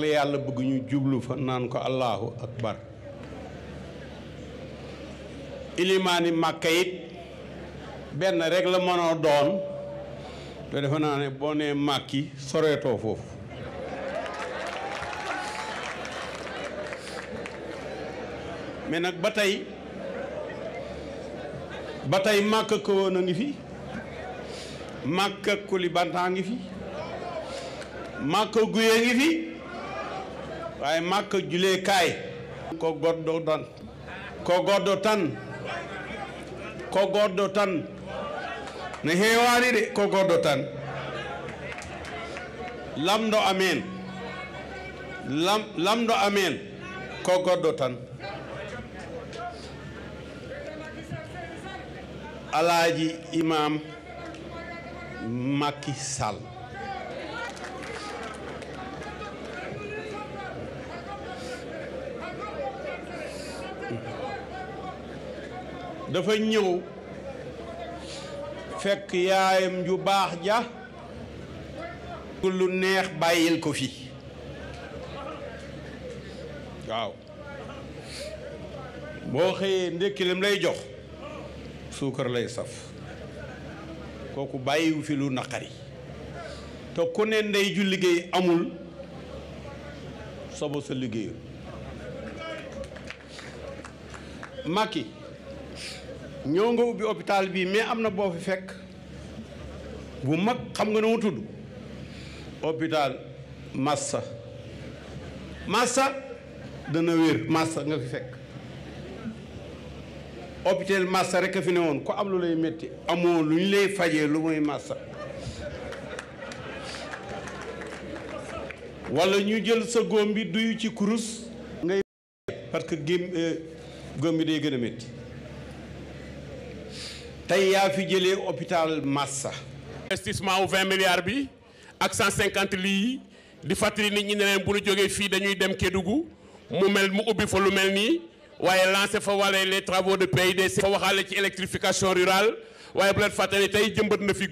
la yàlla bëgg ñu jublu fa naan ko allahu akbar ilimaani màkka it benn rek la mënoo doon te defe naa ne boo nee màkki soreetoo foofu mais nag ba tey ba tey màkk ko a ngi fi màkk kuli bantaa ngi fi màkk guye ngi fi waaye makka julee kaay ko goddo tan ko goddo tan ko goddo tan ne heewani de ko goddo tan lamɗo amen lam lamɗo amen ko goddo alaaji imam Macky Sall dafa ñëw fekk yaayam ju baax ja lu neex bàyyil ko fi waaw boo xëyee ndékki lay jox suukar lay saf kooku bàyyiwu fi lu naqari te ku ne ndey ju liggéey amul sobo sa liggéeyu Macky ñoo nga ubbi hôpital bi mais am na boo fi fekk bu mag xam nga na mu tudd hôpital Massa Massa dana wér Massa nga fi fekk hôpitel Massa rek a fi ne woon ku am lu lay metti amoo lu ñu lay fajee lu muy Massa wala ñu jël sa góom bi duyu ci kurus ngay parce que gém euh, góom bi day gën a métti tey yaa fi jëlee hôpital Massa. investissement wu 20 milliards bi ak 150 lits yi di fàttali nit ñi ne leen bu ñu jógee fii dañuy dem Kédougou mu mel mu ubbi fa lu mel nii waaye lancé fa wala les travaux de PIDC. fa waxaale ci électrification rurale waaye bu leen fàttali tey jëmbat na fi.